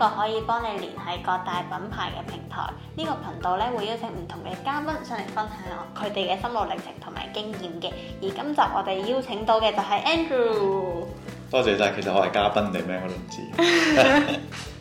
個可以幫你聯繫各大品牌嘅平台。這個、頻呢個頻道咧會邀請唔同嘅嘉賓上嚟分享佢哋嘅心路歷程同埋經驗嘅。而今集我哋邀請到嘅就係 Andrew。多謝晒，其實我係嘉賓定咩我都唔知。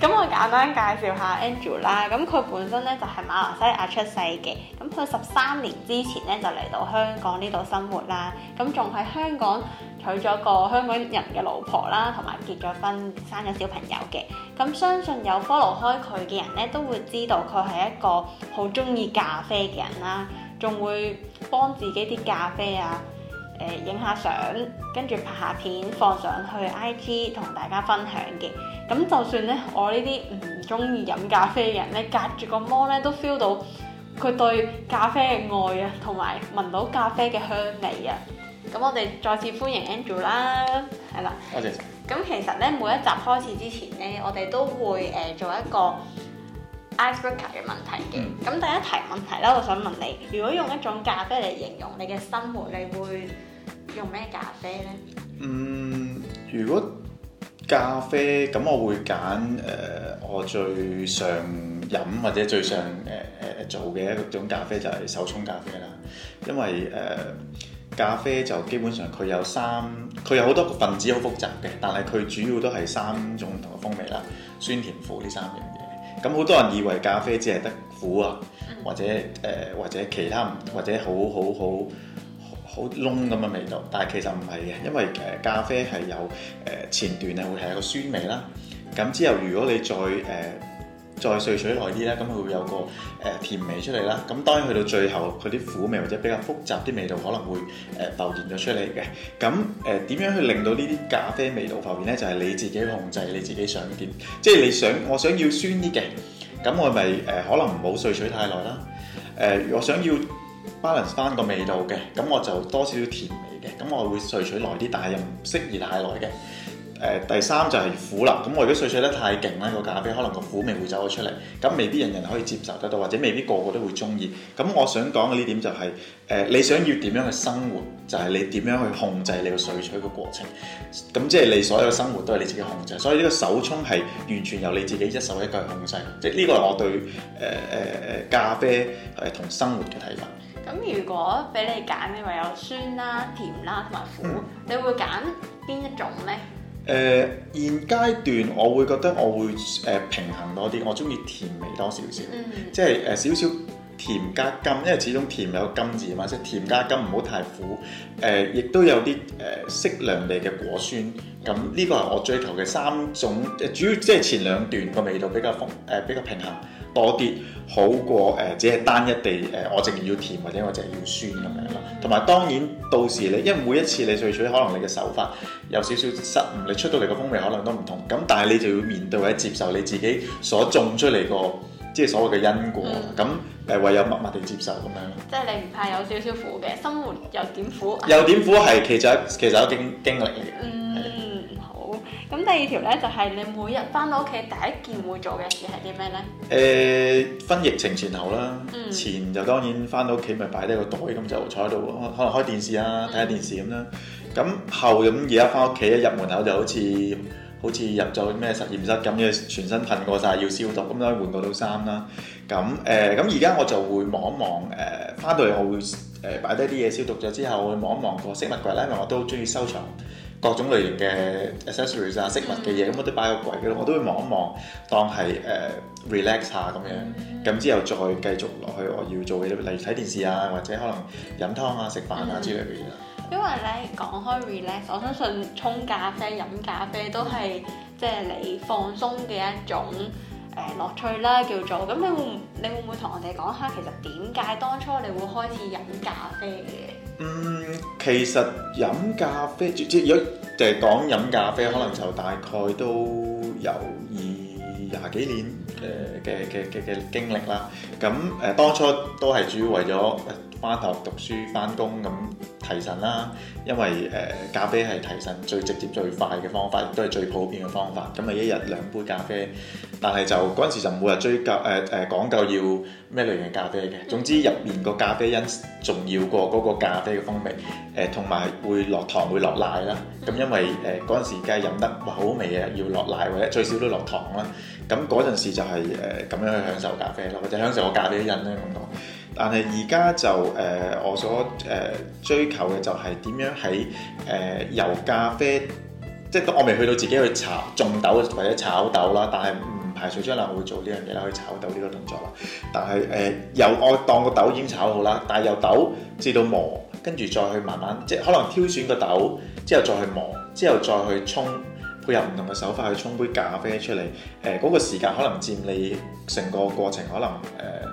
咁我簡單介紹下 Andrew 啦。咁佢本身咧就係馬來西亞出世嘅，咁佢十三年之前咧就嚟到香港呢度生活啦。咁仲喺香港娶咗個香港人嘅老婆啦，同埋結咗婚，生咗小朋友嘅。咁相信有 follow 開佢嘅人咧，都會知道佢係一個好中意咖啡嘅人啦，仲會幫自己啲咖啡啊。誒影下相，跟住拍下片放上去 IG 同大家分享嘅。咁就算咧，我呢啲唔中意飲咖啡嘅人咧，隔住個芒咧都 feel 到佢對咖啡嘅愛啊，同埋聞到咖啡嘅香味啊。咁我哋再次歡迎 Andrew 啦，係啦。多謝。咁其實咧，每一集開始之前咧，我哋都會誒做一個 Icebreaker 嘅問題嘅，咁、嗯、第一題問題咧，我想問你，如果用一種咖啡嚟形容你嘅生活，你會用咩咖啡呢？嗯，如果咖啡咁、呃，我會揀誒我最常飲或者最常誒、呃呃、做嘅一種咖啡就係手沖咖啡啦。因為誒、呃、咖啡就基本上佢有三，佢有好多個分子好複雜嘅，但係佢主要都係三種唔同嘅風味啦，酸甜、甜、苦呢三樣嘢。咁好多人以為咖啡只係得苦啊，或者誒、呃、或者其他或者好好好好燶咁嘅味道，但係其實唔係嘅，因為誒、呃、咖啡係有誒、呃、前段咧會有一個酸味啦，咁之後如果你再誒、呃再萃取耐啲咧，咁佢會有個誒甜味出嚟啦。咁當然去到最後，佢啲苦味或者比較複雜啲味道可能會誒浮現咗出嚟嘅。咁誒點樣去令到呢啲咖啡味道浮現咧？就係、是、你自己控制，你自己想點。即係你想我想要酸啲嘅，咁我咪誒、呃、可能唔好萃取太耐啦。誒、呃、我想要 balance 翻個味道嘅，咁我就多少少甜味嘅。咁我會萃取耐啲，但係又唔適宜太耐嘅。誒第三就係苦啦，咁我如果萃取得太勁咧，個咖啡可能個苦味會走咗出嚟，咁未必人人可以接受得到，或者未必個個都會中意。咁我想講嘅呢點就係、是、誒、呃、你想要點樣嘅生活，就係、是、你點樣去控制你個萃取嘅過程。咁即係你所有生活都係你自己控制，所以呢個手沖係完全由你自己一手一腳去控制。即係呢個係我對誒誒、呃、咖啡誒同生活嘅睇法。咁如果俾你揀，你話有酸啦、啊、甜啦同埋苦，嗯、你會揀邊一種呢？誒、呃、現階段我會覺得我會誒、呃、平衡多啲，我中意甜味多少少，嗯、哼即係誒少少甜加甘，因為始終甜有甘字嘛，即甜加甘唔好太苦。誒、呃、亦都有啲誒、呃、適量嘅嘅果酸，咁呢個係我追求嘅三種，呃、主要即係前兩段個味道比較豐誒、呃、比較平衡。多啲好過誒、呃，只係單一地誒、呃，我淨要甜或者我淨係要酸咁樣咯。同埋、mm hmm. 當然到時你，因為每一次你萃取，可能你嘅手法有少少失誤，你出到嚟嘅風味可能都唔同。咁但係你就要面對或者接受你自己所種出嚟個即係所謂嘅因果。咁誒、mm hmm. 呃、唯有默默地接受咁樣。即係你唔怕有少少苦嘅生活，有點苦。有點苦係其實其實一個經歷嘅。Mm hmm. 第二條咧就係、是、你每日翻到屋企第一件會做嘅事係啲咩咧？誒、呃，分疫情前後啦。嗯、前就當然翻到屋企咪擺低個袋咁就坐喺度，可能開電視啊，睇下電視咁啦。咁、嗯、後咁而家翻屋企一入門口就好似好似入咗咩實驗室咁，要全身噴過晒，要消毒咁啦，樣換過套衫啦。咁誒咁而家我就會望一望誒，翻、呃、到嚟我會誒擺低啲嘢消毒咗之後，會望一望個食物櫃啦，因為我都鍾意收藏。各種類型嘅 accessories 啊，飾物嘅嘢，咁我都擺喺個櫃嗰度，我都會望一望，當係誒 relax 下咁樣，咁之後再繼續落去我要做嘅，例如睇電視啊，或者可能飲湯啊、食飯啊之類嘅嘢。因為咧講開 relax，我相信沖咖啡、飲咖啡都係即係你放鬆嘅一種誒樂趣啦，叫做。咁你會你會唔會同我哋講下其實點解當初你會開始飲咖啡嘅？嗯，其實飲咖啡即係有。就係講飲咖啡，可能就大概都有二廿幾年誒嘅嘅嘅嘅經歷啦。咁誒、呃，當初都係主要為咗返學讀書、返工咁。提神啦，因為誒、呃、咖啡係提神最直接最快嘅方法，亦都係最普遍嘅方法。咁啊，一日兩杯咖啡，但係就嗰陣時就冇話追求誒誒講究要咩類型咖啡嘅。總之入面個咖啡因重要過嗰個咖啡嘅風味。誒同埋會落糖會落奶啦。咁因為誒嗰陣時梗係飲得唔好味嘅，要落奶或者最少都落糖啦。咁嗰陣時就係誒咁樣去享受咖啡咯，或者享受個咖啡因咧咁講。但係而家就誒、呃，我所誒、呃、追求嘅就係點樣喺誒、呃、由咖啡，即係我未去到自己去炒種豆或者炒豆啦，但係唔排除將來會做呢樣嘢啦，去炒豆呢個動作啦。但係誒、呃、由我當個豆已經炒好啦，但係由豆至到磨，跟住再去慢慢，即係可能挑選個豆之後再去磨，之後再去沖。配合唔同嘅手法去沖杯咖啡出嚟，誒嗰個時間可能佔你成個過程，可能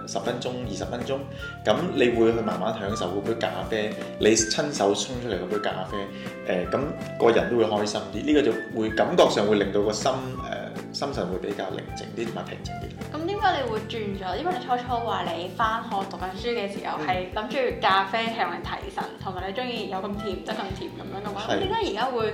誒十分鐘、二十分鐘，咁你會去慢慢享受杯咖啡，你親手沖出嚟嗰杯咖啡，誒咁個人都會開心啲，呢個就會感覺上會令到個心誒心神會比較寧靜啲同埋平靜啲。咁點解你會轉咗？因為你初初話你返學讀緊書嘅時候係諗住咖啡係用嚟提神，同埋你中意有咁甜、得咁甜咁樣嘅話，點解而家會？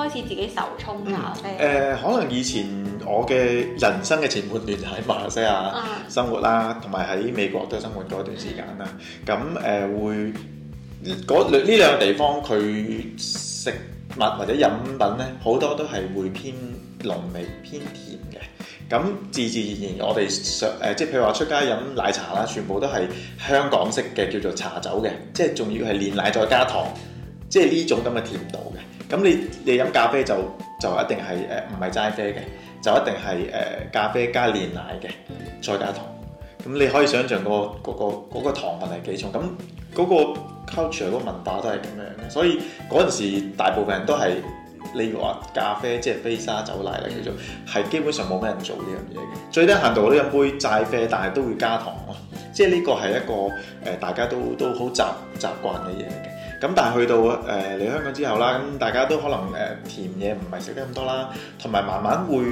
開始自己手沖咖啡。誒、嗯呃，可能以前我嘅人生嘅前半段喺馬來西亞生活啦，同埋喺美國都生活過一段時間啦。咁誒、嗯呃、會嗰呢兩個地方，佢食物或者飲品咧，好多都係會偏濃味、偏甜嘅。咁自自然然，我哋上誒，即係譬如話出街飲奶茶啦，全部都係香港式嘅，叫做茶走嘅，即係仲要係煉奶再加糖，即係呢種咁嘅甜度嘅。咁你你飲咖啡就，就一定係誒唔係齋啡嘅，就一定係誒、呃、咖啡加煉奶嘅，再加糖。咁你可以想象、嗰個嗰、嗰個糖分係幾重。咁、嗰、嗰個 culture 嗰、嗰個嗰個文化都係咁樣嘅。所以嗰陣時大部分人都係你話咖啡即係飛沙走奶嚟嘅啫，係基本上冇咩人做呢樣嘢嘅。最低限度都飲一杯齋啡，但係都會加糖咯。即係呢個係一個誒、呃、大家都都好習習慣嘅嘢嘅。咁但係去到誒嚟、呃、香港之後啦，咁大家都可能誒、呃、甜嘢唔係食得咁多啦，同埋慢慢會誒誒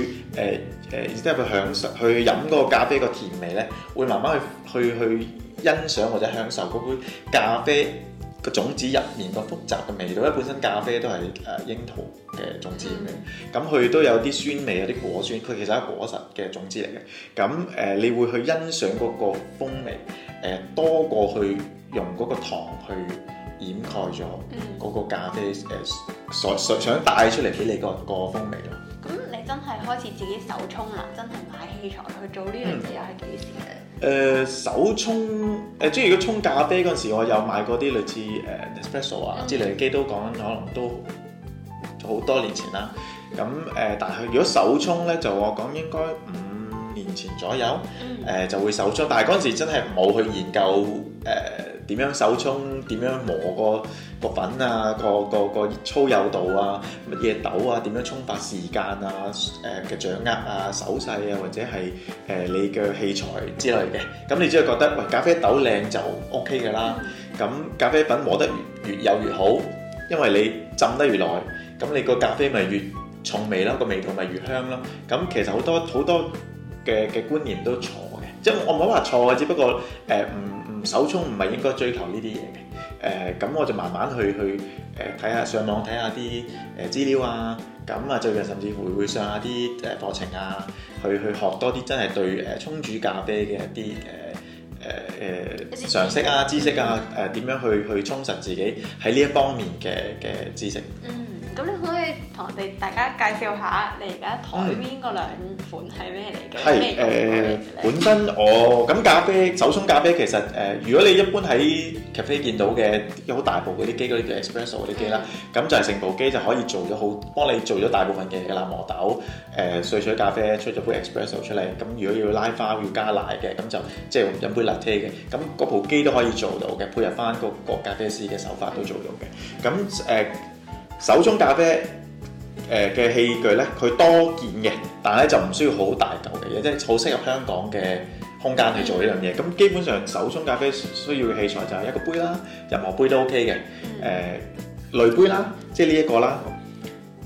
即係去享受去飲嗰個咖啡個甜味咧，會慢慢去去去欣賞或者享受嗰杯咖啡個種子入面個複雜嘅味道，因、呃、本身咖啡都係誒櫻桃嘅種子嚟嘅，咁、呃、佢都有啲酸味有啲果酸，佢其實係果實嘅種子嚟嘅，咁、呃、誒你會去欣賞嗰個風味誒、呃、多過去用嗰個糖去掩蓋咗嗰個咖啡誒，想想、嗯呃、想帶出嚟俾你個、嗰個風味咯。咁你真係開始自己手沖啦，真係買器材去做呢樣嘢，又係幾時咧？誒、呃、手沖誒，即、呃、係如果沖咖啡嗰陣時，我有買過啲類似誒、呃、espresso 啊、之類嘅機都講，可能都好多年前啦。咁誒、嗯呃，但係如果手沖咧，就我講應該五年前左右誒、嗯嗯呃、就會手沖，但係嗰陣時真係冇去研究誒。呃點樣手沖？點樣磨個個粉啊？個個個粗幼度啊？乜嘢豆啊？點樣沖法時間啊？誒、呃、嘅掌握啊、手勢啊，或者係誒、呃、你嘅器材之類嘅。咁你只係覺得，喂，咖啡豆靚就 OK 㗎啦。咁咖啡粉磨得越越幼越好，因為你浸得越耐，咁你個咖啡咪越重味啦，這個味道咪越香啦。咁其實好多好多嘅嘅觀念都錯嘅，即係我唔好話錯，只不過誒唔。呃呃呃手沖唔係應該追求呢啲嘢嘅，誒、呃、咁我就慢慢去去誒睇下上網睇下啲誒資料啊，咁啊最近甚至乎會上下啲誒課程啊，去去學多啲真係對誒沖煮咖啡嘅一啲誒誒誒常識啊、知識啊，誒、呃、點樣去去充實自己喺呢一方面嘅嘅知識。嗯。咁你可以同我哋大家介紹下，你而家台面嗰兩款係咩嚟嘅？係誒是、呃，本身我，咁咖啡手沖咖啡其實誒、呃，如果你一般喺咖啡見到嘅有好大部嗰啲機嗰啲 espresso 嗰啲機啦，咁是就係成部機就可以做咗好幫你做咗大部分嘅嘢啦，磨豆誒、呃、碎碎咖啡，出咗杯 espresso 出嚟。咁如果要拉花要加奶嘅，咁就即係飲杯 latte 嘅。咁嗰部機都可以做到嘅，配合返個咖啡師嘅手法都做到嘅。咁誒。呃手沖咖啡誒嘅器具咧，佢多件嘅，但係咧就唔需要好大嚿嘅嘢，即係好適合香港嘅空間去做呢樣嘢。咁基本上手沖咖啡需要嘅器材就係一個杯啦，任何杯都 OK 嘅，誒濾、嗯呃、杯啦，即係呢一個啦。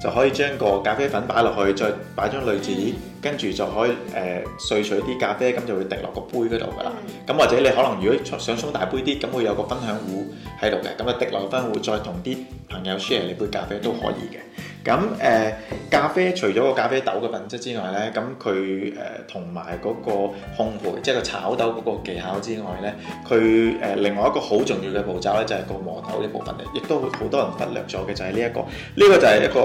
就可以將個咖啡粉擺落去，再擺張濾紙，跟住就可以誒、呃、萃取啲咖啡，咁就會滴落個杯嗰度㗎啦。咁或者你可能如果想沖大杯啲，咁會有個分享壺喺度嘅，咁啊，滴落個分享壺，再同啲朋友 share 你杯咖啡都可以嘅。咁誒、呃、咖啡除咗個咖啡豆嘅品質之外咧，咁佢誒同埋嗰個烘焙，即係個炒豆嗰個技巧之外咧，佢誒、呃、另外一個好重要嘅步驟咧，就係、是、個磨豆呢部分嘅，亦都好多人忽略咗嘅，就係、是、呢、呢個呢個、一個，呢個就係一個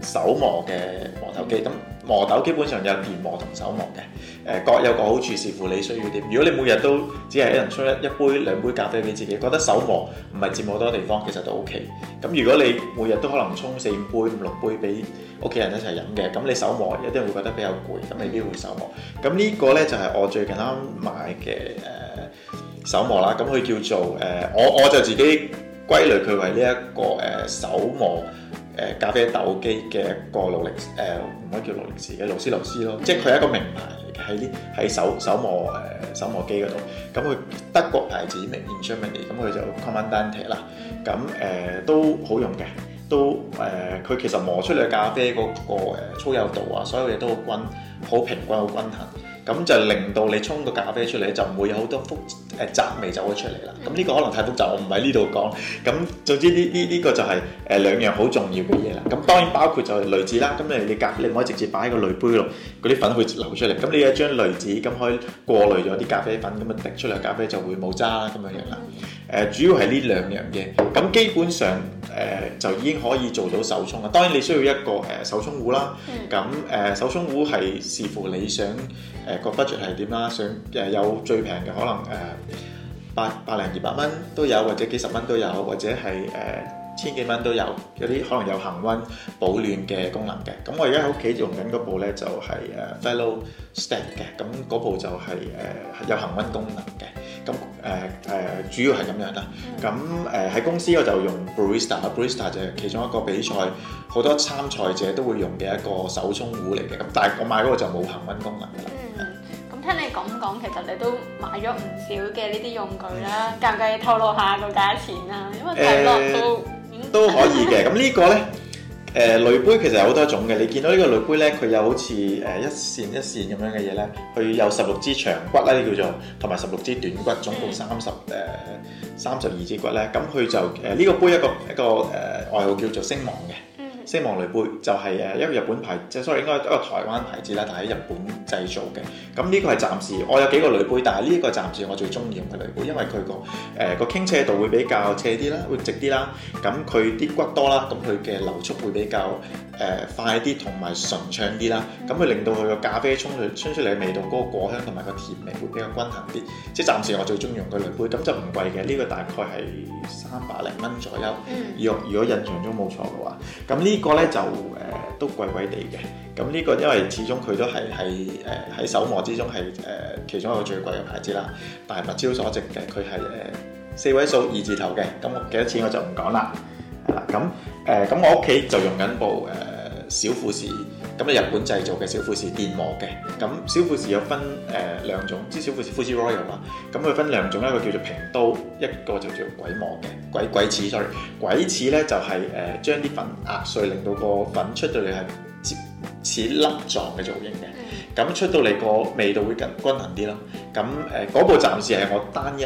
誒手磨嘅。豆機咁磨豆基本上有電磨同手磨嘅，誒、呃、各有各好處，視乎你需要點。如果你每日都只係一人沖一一杯兩杯咖啡俾自己，覺得手磨唔係佔好多地方，其實都 OK。咁如果你每日都可能沖四五杯五六杯俾屋企人一齊飲嘅，咁你手磨有啲人會覺得比較攰，咁未必會手磨。咁呢、嗯、個呢，就係、是、我最近啱買嘅誒、呃、手磨啦。咁佢叫做誒、呃，我我就自己歸類佢為呢一個誒、呃、手磨。誒，咖啡豆機嘅個勞力，誒、唔、呃、可以叫勞力士嘅勞斯勞斯咯，即係佢係一個名牌嚟嘅，喺啲喺手手磨誒、呃、手磨機嗰度。咁佢德國牌子，made in Germany，咁佢就 Comandante 啦，咁誒、呃、都好用嘅，都誒佢、呃、其實磨出嚟咖啡嗰個粗幼度啊，所有嘢都好均好平均好均衡，咁就令到你沖個咖啡出嚟就唔會有好多複誒雜味就會出嚟啦，咁、這、呢個可能太複雜，我唔喺呢度講。咁總之呢呢呢個就係誒兩樣好重要嘅嘢啦。咁當然包括就係濾紙啦。咁你你咖你唔可以直接擺喺個濾杯度，嗰啲粉會流出嚟。咁你一張濾紙，咁可以過濾咗啲咖啡粉，咁啊滴出嚟咖啡就會冇渣咁樣樣啦。誒、呃、主要係呢兩樣嘢。咁基本上誒、呃、就已經可以做到手沖啦。當然你需要一個誒手沖壺啦。咁誒、呃、手沖壺係視乎你想誒個 budget 係點啦，想誒有、呃、最平嘅可能誒。呃八百零二百蚊都有，或者幾十蚊都有，或者係誒、呃、千幾蚊都有，有啲可能有恆溫保暖嘅功能嘅。咁我而家喺屋企用緊嗰部咧就係誒 Fellow Stagg 嘅，咁嗰部就係誒有恆溫功能嘅。咁誒誒主要係咁樣啦。咁誒喺公司我就用 Brewista，Brewista 就係其中一個比賽好多參賽者都會用嘅一個手沖壺嚟嘅。咁但係我買嗰個就冇恆溫功能。咁講，其實你都買咗唔少嘅呢啲用具啦，介唔介意透露下個價錢啊？因為睇落都都可以嘅。咁呢個咧，誒、呃、濾杯其實有好多種嘅。你見到個類呢個濾杯咧，佢有好似誒一線一線咁樣嘅嘢咧，佢有十六支長骨咧叫做，同埋十六支短骨，總共三十誒三十二支骨咧。咁佢就誒呢、呃這個杯一個一個誒外號叫做聲望嘅。希望雷貝就係誒一個日本牌子，即係 sorry 應該一個台灣牌子啦，但係喺日本製造嘅。咁呢個係暫時，我有幾個雷貝，但係呢一個暫時我最中意用嘅雷貝，因為佢個誒個傾斜度會比較斜啲啦，會直啲啦。咁佢啲骨多啦，咁佢嘅流速會比較。誒、呃、快啲同埋順暢啲啦，咁佢、嗯、令到佢個咖啡沖出，沖出嚟嘅味道嗰個果香同埋個甜味會比較均衡啲。即係暫時我最中意用嘅濾杯，咁就唔貴嘅，呢、呢個大概係三百零蚊左右。若、嗯、如果印象中冇錯嘅話，咁呢個咧就誒、呃、都貴貴地嘅。咁呢個因為始終佢都係係誒喺手磨之中係誒、呃、其中一個最貴嘅牌子啦，但係物超所值嘅，佢係誒四位數二字頭嘅，咁我幾多錢我就唔講啦。咁誒咁我屋企就用緊部誒、呃、小富士咁嘅、嗯、日本製造嘅小富士電磨嘅。咁、嗯、小富士有分誒兩、呃、種，即小富士富士 Royal 啊、嗯。咁佢分兩種，一個叫做平刀，一個就叫鬼磨嘅。鬼鬼齒，sorry，鬼齒咧就係誒將啲粉壓碎，令到個粉出到嚟係似粒狀嘅造型嘅。咁 Okay.、嗯、出到嚟個味道會更均衡啲咯。咁誒嗰部暫時係我單一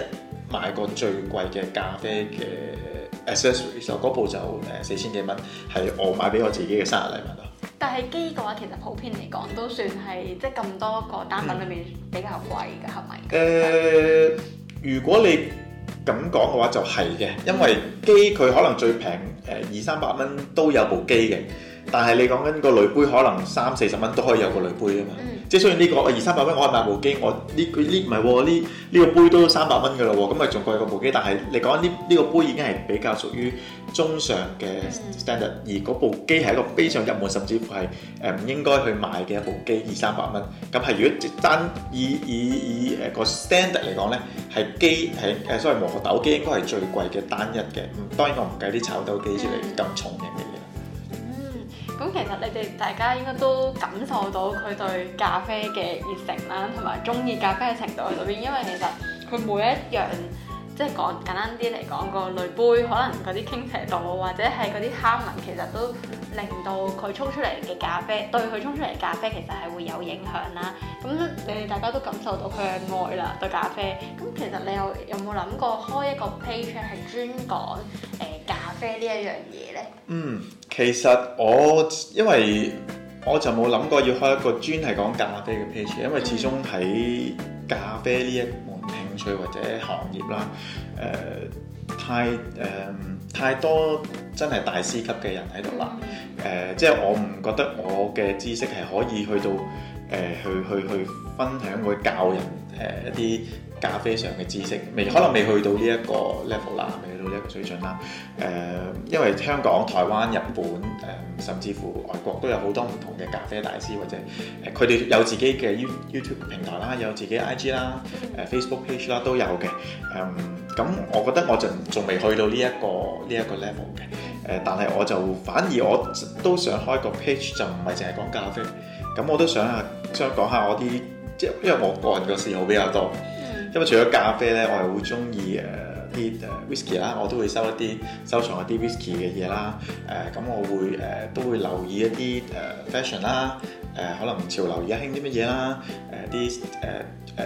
買過最貴嘅咖啡嘅。accessories 就嗰部就誒四千幾蚊，係我買俾我自己嘅生日禮物咯。但係機嘅話，其實普遍嚟講都算係即係咁多個單品裏面比較貴嘅，係咪、嗯？誒吧、呃，如果你咁講嘅話，就係嘅，因為機佢可能最平誒二三百蚊都有部機嘅。但係你講緊個濾杯可能三四十蚊都可以有個濾杯啊嘛，嗯、即係雖然呢、這個、嗯、二三百蚊我係買部機，我呢佢呢唔係喎，呢呢個杯都三百蚊㗎啦喎，咁咪仲貴過部機。但係你講呢呢個杯已經係比較屬於中上嘅 standard，嗯、而部機係一個非常入門甚至乎係誒唔應該去買嘅一部機，二三百蚊。咁係如果單以以以誒個、呃、standard 嚟講咧，係機係所謂磨豆機應該係最貴嘅單一嘅。嗯，當然我唔計啲炒豆機之類咁重型嘅。咁其實你哋大家應該都感受到佢對咖啡嘅熱誠啦，同埋中意咖啡嘅程度去到邊？因為其實佢每一樣，即係講簡單啲嚟講，個濾杯可能啲傾斜度，或者係啲花紋，其實都令到佢沖出嚟嘅咖啡，對佢沖出嚟咖啡其實係會有影響啦。咁誒，大家都感受到佢嘅愛啦，對咖啡。咁其實你有有冇諗過開一個 page 係專講誒咖？啡呢一樣嘢咧？嗯，其實我因為我就冇諗過要開一個專係講咖啡嘅 page，因為始終喺咖啡呢一門興趣或者行業啦，誒、呃、太誒、呃、太多真係大師級嘅人喺度啦，誒、嗯呃、即係我唔覺得我嘅知識係可以去到誒、呃、去去去分享去教人誒、呃、一啲。咖啡上嘅知識未，可能未去到呢一個 level 啦，未去到呢一個水準啦。誒、呃，因為香港、台灣、日本誒、呃，甚至乎外國都有好多唔同嘅咖啡大師或者誒，佢、呃、哋有自己嘅 You YouTube 平台啦，有自己 I G 啦、呃，誒 Facebook page 啦都有嘅。嗯、呃，咁我覺得我就仲未去到呢、這、一個呢一、這個 level 嘅誒、呃，但係我就反而我都想開個 page，就唔係淨係講咖啡咁，我都想啊，想講下我啲即係因為我個人嘅嗜好比較多。因為除咗咖啡咧，我係會中意誒啲誒 whisky 啦，我都會收一啲收藏一啲 whisky 嘅嘢啦。誒、呃、咁我會誒、呃、都會留意一啲誒、呃、fashion 啦。誒、呃、可能潮流而家興啲乜嘢啦。誒啲誒誒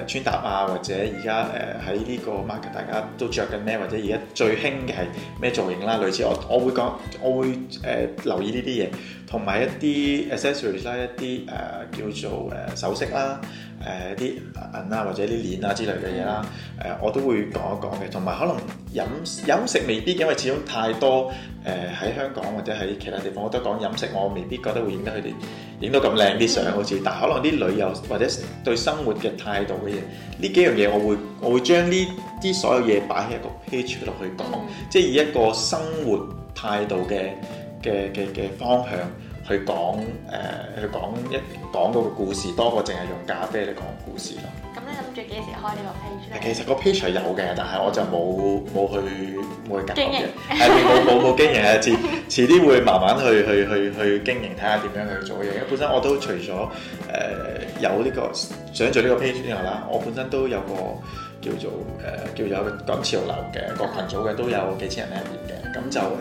穿搭啊，或者而家誒喺呢個 market 大家都着緊咩，或者而家最興嘅係咩造型啦。類似我我會講，我會誒、呃、留意呢啲嘢，同埋一啲 accessories 啦，一啲誒、呃、叫做誒首飾啦。誒一啲銀啊，或者啲鏈啊之類嘅嘢啦，誒、呃、我都會講一講嘅，同埋可能飲飲食未必，因為始終太多誒喺、呃、香港或者喺其他地方，我都講飲食，我未必覺得會影得佢哋影到咁靚啲相，好似，但係可能啲旅遊或者對生活嘅態度嘅嘢，呢幾樣嘢我會我會將呢啲所有嘢擺喺一個 page 落去，講、嗯、即係以一個生活態度嘅嘅嘅嘅方向。去講誒、呃，去講一講嗰個故事，多過淨係用咖啡嚟講故事咯。咁你諗住幾時開個呢個 page 咧？其實個 page 係有嘅，但係我就冇冇去冇去搞嘢，係冇冇冇經營一次。遲啲會慢慢去去去去經營，睇下點樣去做嘢。因為本身我都除咗誒、呃、有呢、呢個想做呢個 page 之外啦，我本身都有個，叫做誒、呃，叫做講潮流嘅各群組嘅都有幾千人喺入面嘅，咁就誒，咁、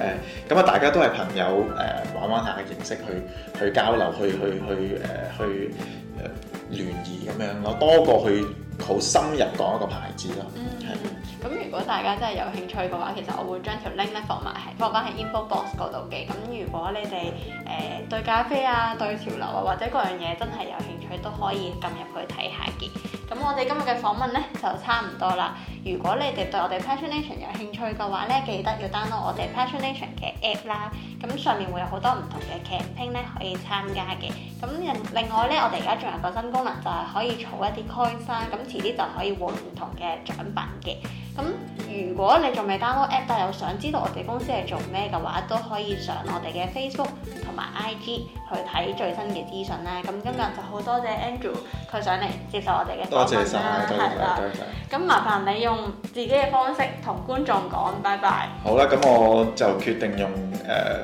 呃、啊大家都係朋友誒、呃，玩玩下嘅形式去去交流，去去去誒，去誒、呃、聯誼咁樣咯，多過去好深入講一個牌子咯。嗯，係。咁如果大家真係有興趣嘅話，其實我會將條 link 咧放埋喺放翻喺 info box 嗰度嘅。咁如果你哋誒、呃、對咖啡啊、對潮流啊，或者各樣嘢真係有興趣，都可以撳入去睇下嘅。咁我哋今日嘅訪問咧就差唔多啦。如果你哋對我哋 Passion a t i o n 有興趣嘅話咧，記得要 download 我哋 Passion a t i o n 嘅 app 啦。咁上面會有好多唔同嘅 c a m p i 劇拼咧可以參加嘅。咁另外咧，我哋而家仲有個新功能，就係、是、可以儲一啲 c o i n 啦。咁遲啲就可以換唔同嘅獎品嘅。咁如果你仲未 download app，但係又想知道我哋公司係做咩嘅話，都可以上我哋嘅 Facebook 同埋 IG 去睇最新嘅資訊啦。咁今日就好多謝 Andrew 佢上嚟接受我哋嘅。多謝晒，多謝，多謝。咁麻煩你用自己嘅方式同觀眾講拜拜。好啦，咁我就決定用誒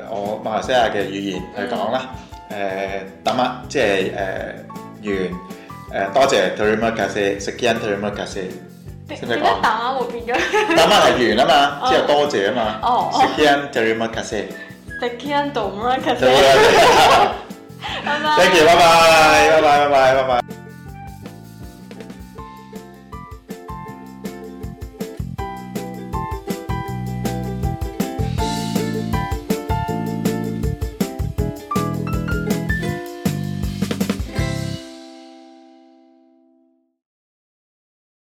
我馬來西亞嘅語言去講啦。誒，打馬即係誒完誒，多謝 Terima kasih, sekian Terima kasih。識唔識講？打馬會變咗。打馬係完啊嘛，之後多謝啊嘛。哦哦。Sekian Terima kasih. Sekian terima kasih. 謝謝，拜拜，拜拜，拜拜，拜拜。